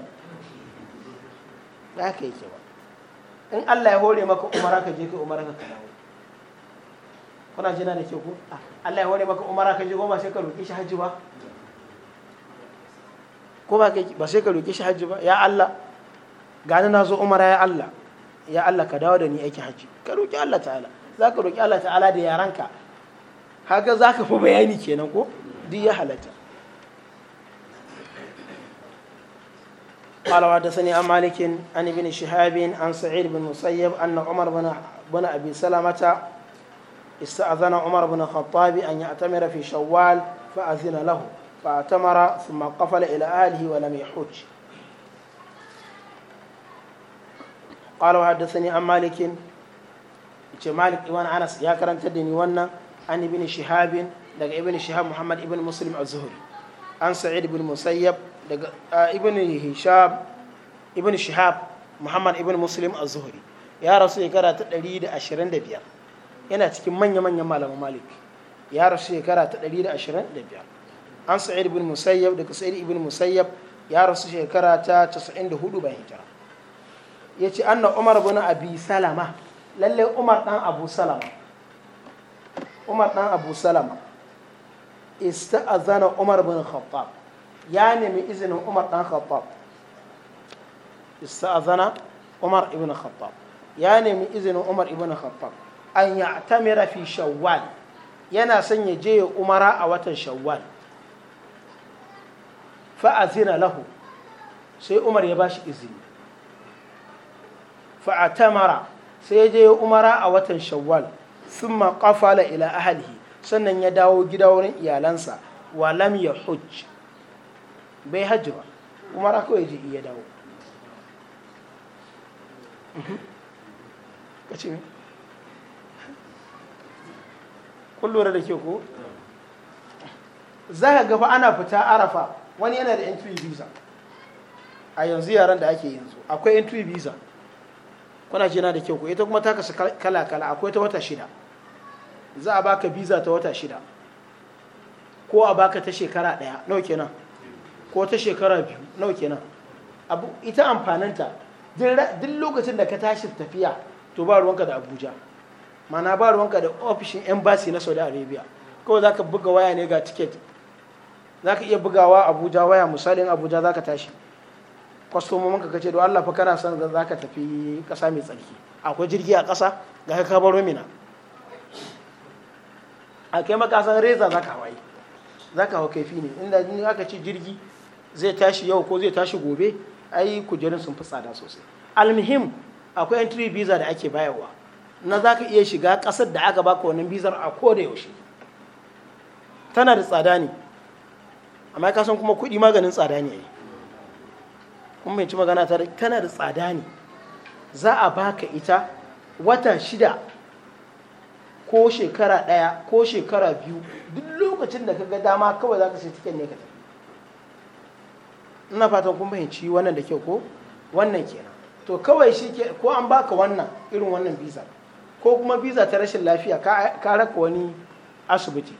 haka yake ba in Allah ya hore maka umara ka je ka umara ka dawo kuna jina da ke ku ah, Allah ya hore maka umara ka je goma sai ka roƙi shi hajji ba ko ba kai ba sai ka roke shi hajji ba ya Allah gani na zo umara ya Allah ya Allah ka dawo da ni aiki hajji ka roki Allah ta'ala za ka roki Allah ta'ala da yaranka haka za ka fi bayani kenan ko duk ya halatta قال وحدثني عن مالك عن ابن شهاب عن سعيد بن مسيب ان عمر بن بن ابي سلمه استاذن عمر بن الخطاب ان يعتمر في شوال فاذن له ba a tamara sama kufa la ila alahi wala mai xoci. Ƙwalo har da an Malik in Malik Ibrahim Anas ya karanta ni wannan Anibini shahabin daga Ibinis shahab Muhammad Ibin musulmin a zuhri. An Sa'idu bin Musyab Ibin shahab Muhammad Ibin musulmin a zuhri ya rasu ya karanta ɗari da ashirin cikin manya-manya Malik ya rasu ya karanta ɗari an sa'id ibn musayyab daga sa'id ibn musayyab ya rasu shekara ta 94 bayan hijira yace anna umar ibn abi salama lalle umar dan abu salama umar dan abu salama ista'azana umar ibn khattab ya nemi izinin umar dan khattab ista'azana umar ibn khattab ya nemi izinin umar ibn khattab an ya'tamira fi shawwal yana son ya je umara a watan shawwal fa'azina lahu sai umar ya bashi izini fa'atamara sai ya je umara a watan shawwal sun maƙafala ila ahalihi sannan ya dawo gida wurin iyalansa wa lam ya hujj bai hajji ba umara kawai je iya dawo mhm. kullum da ke ku za ka gafa ana fita arafa wani yana da entry visa a yanzu yaran da ake yanzu akwai entry visa kuna jina da kyau ku ita kuma ta kasu kala kala akwai ta wata shida za a baka visa ta wata shida ko a baka ta shekara ɗaya nauke nan ko ta shekara biyu nan Abu ita amfaninta duk lokacin da ka tashi tafiya to ba ruwanka da abuja mana ba ruwanka da ofishin embassy na saudi arabia kawai za ka buga waya ne ga tiket za ka iya bugawa abuja waya misalin abuja za ka tashi kwastomomin ka ce don allah kana son za ka tafi ƙasa mai tsarki akwai jirgi a kasa ga ka baro mina a kai makasan reza za ka hawaye za ka hau kaifi ne inda in aka ce jirgi zai tashi yau ko zai tashi gobe ai kujerun sun fi tsada sosai almuhim akwai entry visa da ake bayarwa na za ka iya shiga ƙasar da aka baka wannan bizar a koda yaushe tana da tsada ne amma ka san kuma kuɗi maganin tsada ne kuma bai ci magana ta kana da tsada ne za a baka ita wata shida ko shekara ɗaya ko shekara biyu duk lokacin da ka ga dama kawai za ka sai cikin ne ka ina fatan kun fahimci wannan da kyau ko wannan kenan to kawai shi ke ko an baka wannan irin wannan biza ko kuma biza ta rashin lafiya ka raka wani asibiti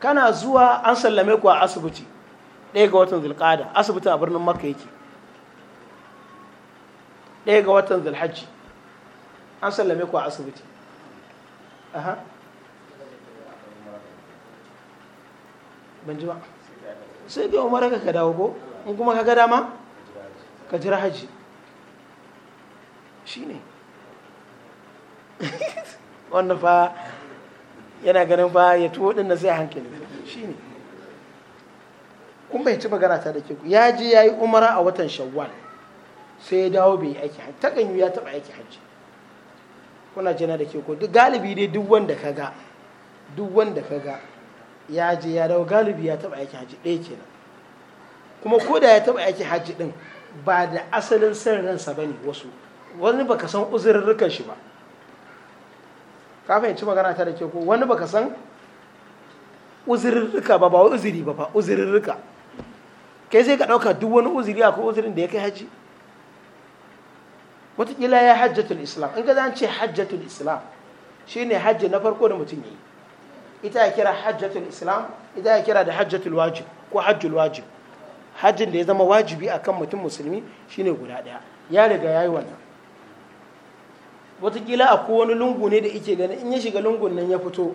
kana zuwa an sallame ku a asibiti ɗaya ga watan zulƙada asibiti a birnin makka yake ɗaya ga watan zulhajji an sallame ku a asibiti aha banjima sai biyu mara ka ka dawo ko in kuma ka gada ma ka jira haji shi ne <laughs> wanda fa yana ganin fa ya tuwo ɗin na zai hankali shi ne kun bai ci magana ta da ke ku ya ji ya yi umara a watan shawwal sai ya dawo bai yi aiki hajji ganyu ya taɓa aiki hajji kuna jina da ke duk galibi dai duk wanda ka ga duk wanda ka ga ya je ya dawo galibi ya taɓa aiki hajji ɗaya kenan kuma ko da ya taɓa aiki hajji ɗin ba da asalin san ransa ba ne wasu wani baka san uzurrukan shi ba ka fahimci magana ta da ke ku wani baka san uzurruka ba ba uzuri ba ba uzurruka kai zai ka ɗauka duk wani uzuri ko uzurin da ya kai haji wataƙila ya hajjatul islam in ga za ce hajjatul islam shi ne hajji na farko da mutum yi ita ya kira hajjatul islam ita ya kira da hajjatul wajib ko hajjul wajib hajjin da ya zama wajibi kan mutum musulmi shi ne guda ɗaya ya riga ya yi wannan watakila a wani lungu ne da ike ganin in ya shiga lungun nan ya fito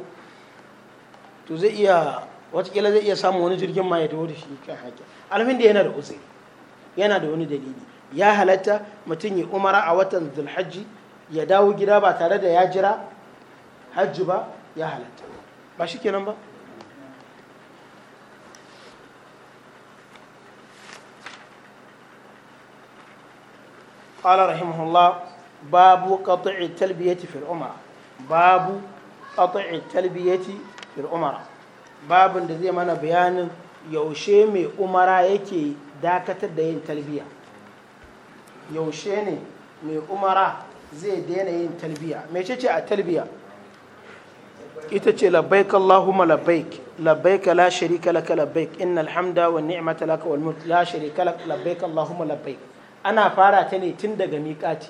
to zai iya watakila zai iya samun wani jirgin ma ya taho da shi kan haƙƙi alfin da yana da uzuri yana da wani dalili ya halatta mutum ya umara a watan zulhajji ya dawo gida ba tare da ya jira hajji ba ya halatta ba shi kenan ba قال رحمه الله باب قطع التلبية في الأمرة باب قطع التلبية في الأمرة babin da zai mana bayanin yaushe mai umara yake dakatar da yin talbiya yaushe ne mai umara zai daina yin talbiya mecece a talbiya ita ce labbaik Allahumma labbaik labbaik la sharika laka labbaik innal hamda wan ni'mata laka wal mulk la sharika laka labbaik Allahumma labbaik ana fara ta ne tun daga miƙati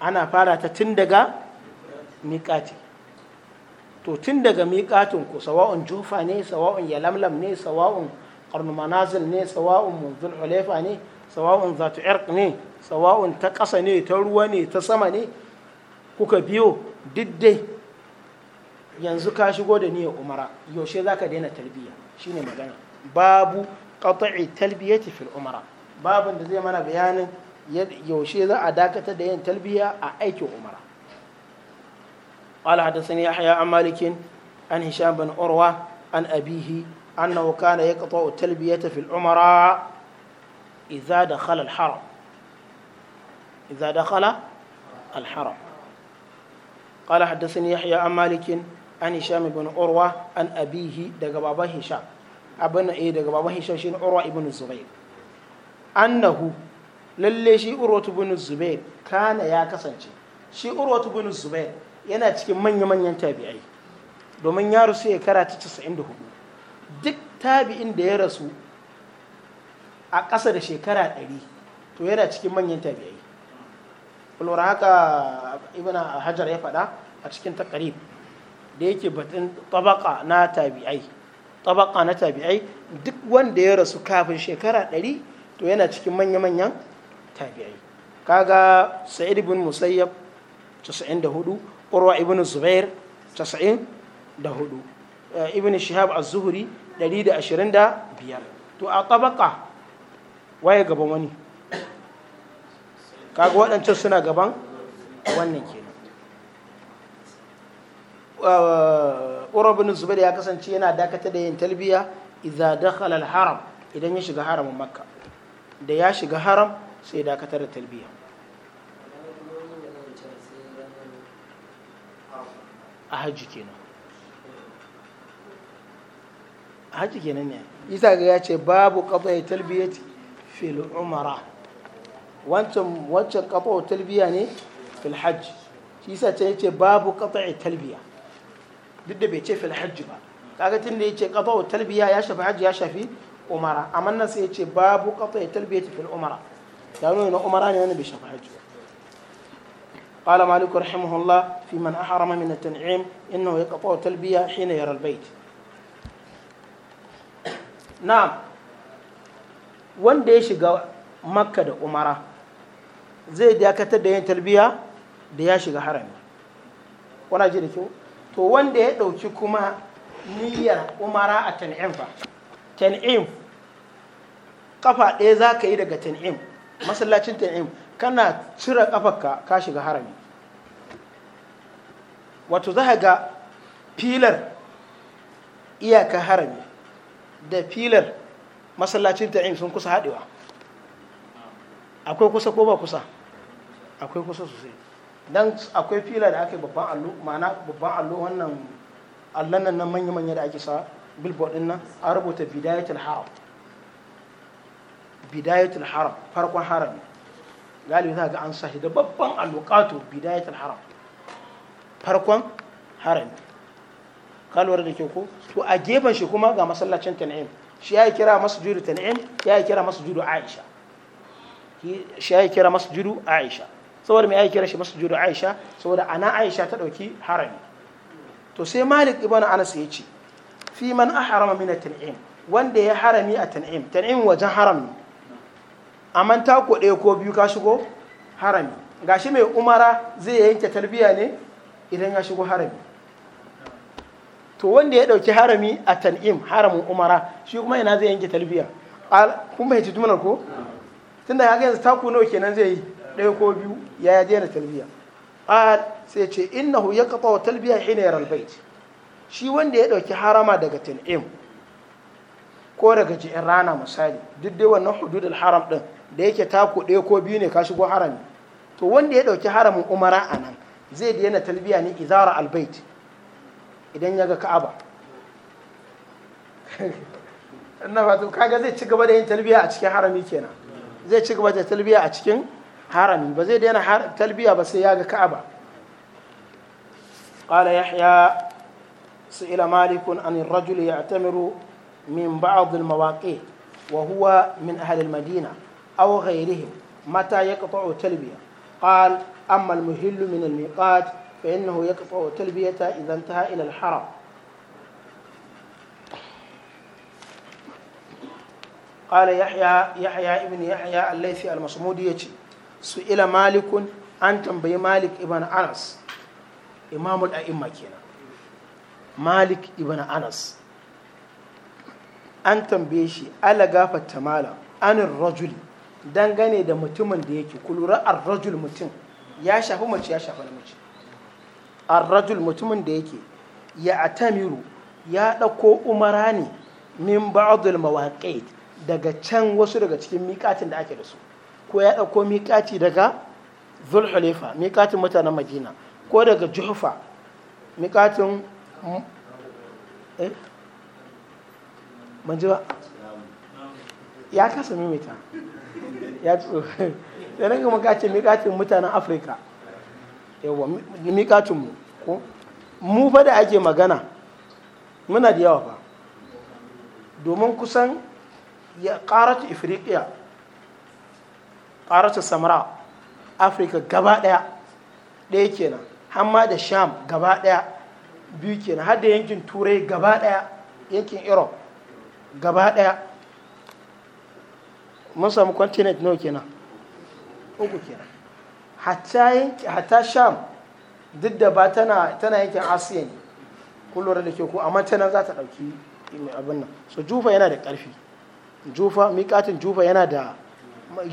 ana fara ta tun daga miƙati to tun daga miƙatin ku sawa'un jufa ne sawa'un yalamlam ne sawa'un qarnu manazil ne sawa'un munzul hulaifa ne sawa'un zatu irk ne sawa'un ta ƙasa ne ta ruwa ne ta sama ne kuka biyo diddai yanzu ka shigo da niyyar umara yaushe za ka daina talbiya shine magana babu qat'i talbiyati fil umara babin da zai mana bayanin yaushe za a dakatar da yin talbiya a aikin umara قال حدثني يحيى عن مالك عن هشام بن عروة عن أبيه أنه كان يقطع التلبية في العمراء إذا دخل الحرم إذا دخل الحرم قال حدثني يحيى عن مالك عن هشام بن عروة عن أبيه دقبابا هشام أبن إيه دقبابا هشام شين عروة بن الزبير أنه للي شي عروة بن الزبير كان يا كسنشي شي عروة بن الزبير yana cikin manya-manyan tabi'ai domin ya rasu ya karata 94 duk tabi'in da ya rasu a ƙasa da shekara 100 to yana cikin manyan tabi'ai kulura haka ibn hajar ya faɗa a cikin takarib da yake batun tabaka na tabi'ai tabaka na tabi'ai duk wanda ya rasu kafin shekara 100 to yana cikin manya-manyan tabi'ai kaga sa'id bin musayyab 94 urwa ibn zubair 94 eh, ibn shihab az-zuhri 125 to a tabaka waye gaban wani kaga waɗancan suna gaban wannan kenan eh, urwa ibn zubair ya kasance yana dakata da yin talbiya idza dakhala al-haram idan ya shiga haramin makka da ya shiga haram sai dakatar da talbiya hajji kenan a hajji kenan ne isa ga ya ce babu kafa ya talbiyati fil umara wancan wancan kafa ya talbiya ne fil hajji shi isa ce ya ce babu kafa ya talbiya duk da bai ce fil hajji ba kaga tun da ya ce kafa ya talbiya ya shafi hajji ya shafi umara amma nan sai ya ce babu kafa ya talbiyati fil umara ya nuna umara ne wani bai shafi hajji ba قال مالك رحمه الله في من ya shiga makka da umara zai dakatar da yin talbiya da ya shiga harami wana ji da kyau to wanda ya ɗauki kuma niyyar umara a tan'im fa ɗaya za yi daga tan'im masallacin kana cire kafarka ka shiga harami wato za ga filar iyaka harami da filar masallacin ta'im sun kusa haɗewa akwai kusa ko ba kusa akwai kusa sosai don akwai fila da aka yi babban allo ma'ana babban allo wannan allanan nan manya-manya da ake sa billboard din nan a rubuta bidayatul haram bidayatul haram farkon harami galibi za ga an sashi da babban alwuqatu bidayatul haram farkon harami kalwar da ke ko to a gefen shi kuma ga masallacin tan'im shi ya kira masjidu tan'im ya kira masjidu aisha shi ya kira masjidu aisha saboda mai ya kira shi masjidu aisha saboda ana aisha ta dauki harami to sai malik ibn anas ya ce fi man ahrama min tan'im wanda ya harami a tan'im tan'im wajen ne amma tako ɗaya ko biyu ka shigo harami ga shi mai umara zai yanke talbiya ne idan ya shigo harami to wanda ya ɗauki harami a tan'im haramin umara shi kuma yana zai yanke talbiya kun bai jumlar ko tunda haka yanzu taku nawa kenan zai yi ɗaya ko biyu ya ya daina talbiya qal sai ce innahu kafa wa talbiya hina yara albayt shi wanda ya ɗauki harama daga tan'im ko daga ji'in rana misali duk dai wannan hududul haram ɗin da yake taku ɗaya ko biyu ne ka shigo harami to wanda ya ɗauki haramin umara a nan zai daina talbiya ne izara albait idan ya ga ka'aba <laughs> ina kaga zai ci gaba da yin talbiya a cikin harami kenan zai ci gaba da talbiya a cikin harami ba zai daina talbiya ba sai ya ga ka'aba قال يحيى سئل مالك عن الرجل يعتمر من بعض المواقيت وهو من أهل المدينة أو غيرهم متى يقطع تلبية قال أما المهل من الميقات فإنه يقطع تلبية إذا انتهى إلى الحرم قال يحيى يحيى ابن يحيى الليثي المصمودي سئل مالك an tambayi malik ibn anas imamul a'imma kenan malik ibn anas an tambaye shi ala gafata mala anin rajuli dangane da mutumin da yake kulura arrajul mutum ya shafi mace ya shafi namiji arrajul mutumin da yake ya atamiru ya ɗauko umara ne min ba'adul mawaqit daga can wasu daga cikin miƙatin da ake da su ko ya ɗauko miƙaci daga zulhulefa miƙatin mutanen madina ko daga juhufa miƙatin eh manjiwa ya kasa mimita ya tsoro sai nan kuma kace miƙatin mutanen afirka yawa miƙatin mu ko mu fa da ake magana muna da yawa fa domin kusan ya ƙaratu ifirikiya ƙaratu samara afirka gaba ɗaya ɗaya kenan hamma da sham gaba ɗaya biyu kenan har da yankin turai gaba ɗaya yankin europe gaba ɗaya mun samu continent nawa kenan uku kenan hatta yanki hatta sham duk da ba tana tana yankin asiya ne kullum da ke ko amma tana za ta ɗauki abin nan so jufa yana da ƙarfi jufa miƙatin jufa yana da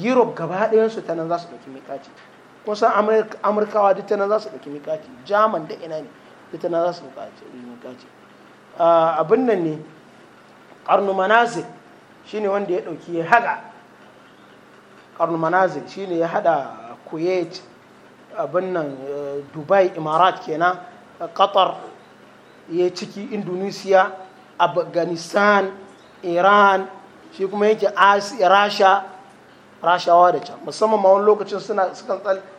europe gaba ɗayansu ta nan za su ɗauki miƙaci kusan amurkawa duk ta nan za su ɗauki miƙaci german da ina ne duk ta nan za su ɗauki miƙaci ah, abin nan ne arnu manazir shine wanda ya ɗauki ya haga karnu shi ne ya hada kuwait abin nan eh, dubai imarat kenan qatar ya ciki indonesia afghanistan iran shi kuma yake rasha rashawa da can musamman ma wani lokacin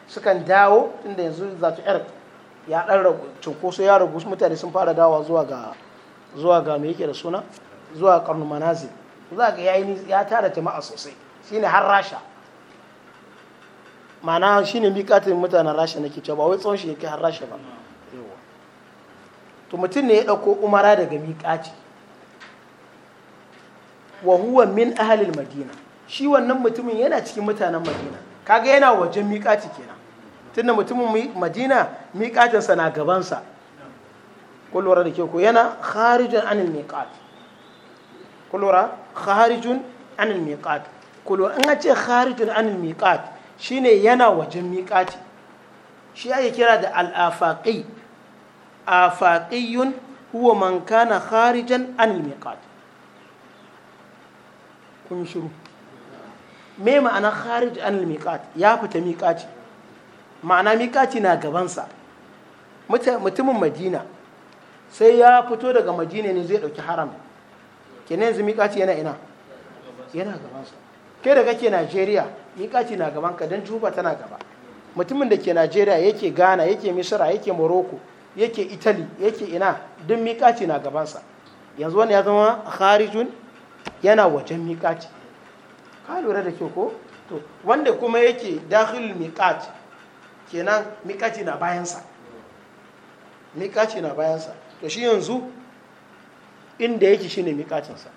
sukan dawo inda yanzu za ta yar ya dan ragu cunkoso ya ragu mutane sun fara dawa zuwa ga zuwa ga me yake da suna zuwa karnu manazil za ga ya tara jama'a sosai shine har rasha ma'ana shine miƙatin mutanen rasha nake cewa ba wai tsawon shi yake har rasha ba to mutum ne ya ɗauko umara daga miƙaci wa huwa min ahalil madina shi wannan mutumin yana cikin mutanen madina kaga yana wajen miƙaci kenan tunda mutumin madina miƙatinsa na gabansa kun da ke ko yana kharijun anil miqat kharijun anil in an ce kharijun anil shine yana wajen miƙati shi ake kira da al'afaƙi afaƙiyun huwa man kana kharijan an miƙati kun shiru me ma'ana kharij an miƙati ya fita miƙati ma'ana miƙati na gabansa mutumin madina sai ya fito daga madina ne zai ɗauki haram kenan yanzu miƙati yana ina yana gabansa kai da kake najeriya miƙaci na gaban ka don juba tana gaba mutumin da ke najeriya yake ghana yake misira yake morocco yake italy yake ina duk miƙaci na gabansa yanzu wani ya zama harijun yana wajen miƙaci ka lura da ke ko to wanda kuma yake dakhil miƙaci kenan miƙaci na bayansa miƙaci na bayansa to shi yanzu inda yake shine miƙacinsa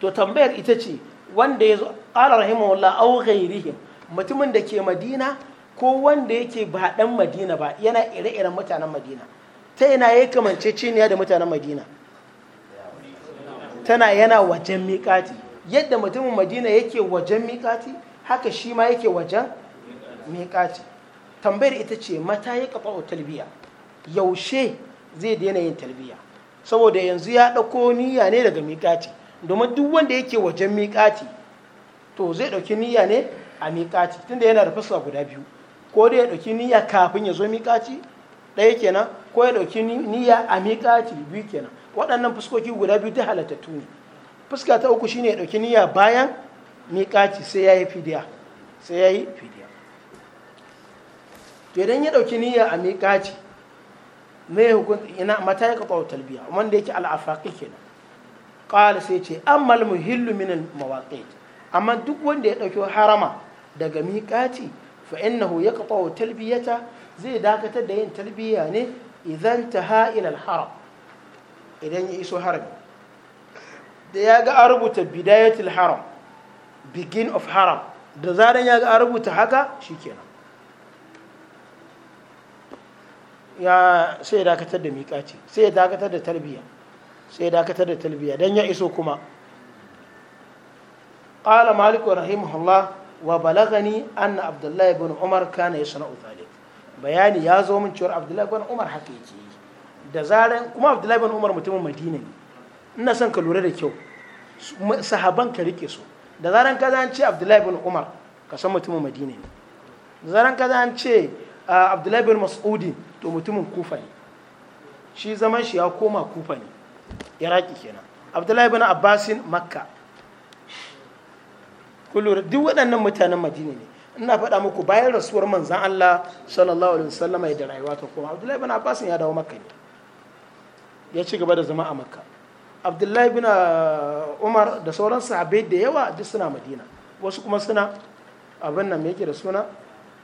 to tambayar ita ce wanda ya zo ƙala rahimahullah au ghairihim mutumin da ke madina ko wanda yake ba dan madina ba yana ire-iren mutanen madina ta ina ya kamance ciniya da mutanen madina tana yana wajen miƙati yadda mutumin madina yake wajen miƙati haka shi ma yake wajen miƙati tambayar ita ce mata ya kafa talbiya yaushe zai daina yin talbiya saboda yanzu ya ɗauko niyya ne daga miƙati domin duk wanda yake wajen miƙati to zai ɗauki niyya ne a miƙati tunda yana da fuska guda biyu ko dai ya ɗauki niyya kafin ya zo miƙaci ɗaya kenan ko ya ɗauki niyya a miƙaci biyu kenan waɗannan fuskoki guda biyu ta halattattu ne fuska ta uku shine ya ɗauki niyya bayan miƙaci sai ya yi fidiya sai ya yi fidiya to idan ya ɗauki niyya a miƙaci me hukunta ina mata ya kafa talbiya wanda yake al'afaqi kenan qala sai ce amma muhillu min al mawaqit amma duk wanda ya dauki harama daga miƙati fa innahu yaqta'u talbiyata zai dakatar da yin talbiya ne idan taha ila al haram idan ya iso haram da ya ga an rubuta bidayatul haram begin of haram da zaran ya ga an rubuta haka shikenan ya sai ya dakatar da miƙaci sai ya dakatar da tarbiyya sai dakatar da talbiya don ya iso kuma qala rahim rahimahullah wa balagani anna abdullahi ibn umar kana sana'u dhalik bayani ya zo min cewa abdullahi ibn umar haka yake da zaran kuma abdullahi ibn umar mutumin madina ne ina son ka lura da kyau sahaban ka rike su da zaran ka zan ce abdullahi ibn umar ka san mutumin madina ne da zaran ka zan ce ah, abdullahi ibn mas'udi to mutumin kufa ne shi zaman shi ya koma kufa ne iraki kenan abdullahi bin abbasin makka kullum duk waɗannan mutanen madina ne ina faɗa muku bayan rasuwar manzan Allah sallallahu alaihi wasallam da rayuwa ta koma abdullahi bin abbas ya dawo makka ne ya ci gaba da zama a makka abdullahi bin uh, umar da sauran sahabbai da yawa duk suna madina wasu kuma suna abin nan yake da suna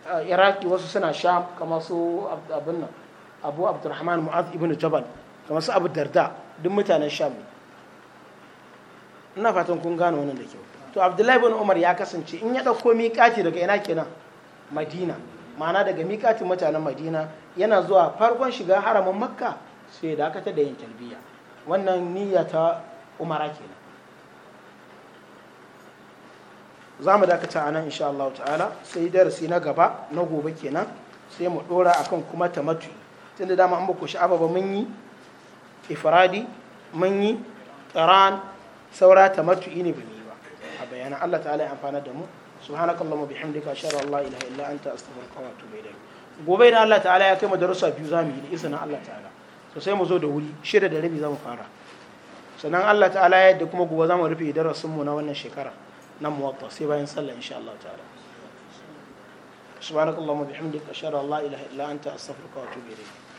uh, iraki wasu suna sham kamar su abin nan abu abdurrahman mu'az ibn jabal kamar su abu darda duk mutanen sham ne ina fatan kun gane wannan da kyau to abdullahi bin umar ya kasance in ya dauko miƙati daga ina kenan madina ma'ana daga miƙatin mutanen madina yana zuwa farkon shiga haramin makka sai ya dakatar da yin talbiya wannan niyya ta umara kenan za mu dakata a nan insha Allah ta'ala sai darasi na gaba na gobe kenan sai mu dora akan kuma tamatu tunda dama an ba ku sha'aba ba mun yi ifradi manyi tsaran saura tamattu'i ne bane ba a bayanan Allah ta'ala ya amfana da mu subhanakallahumma bihamdika ashhadu an la ilaha illa anta astaghfiruka wa atubu ilayk gobe da Allah ta'ala ya kai mu darussa biyu zamu yi da izinin Allah ta'ala so sai mu zo da wuri shirye da rabi zamu fara sannan Allah ta'ala ya yadda kuma gobe zamu rufe darasin mu na wannan shekara na muwatta sai bayan sallah insha Allah ta'ala subhanakallahumma bihamdika ashhadu an la ilaha illa anta astaghfiruka wa atubu ilayk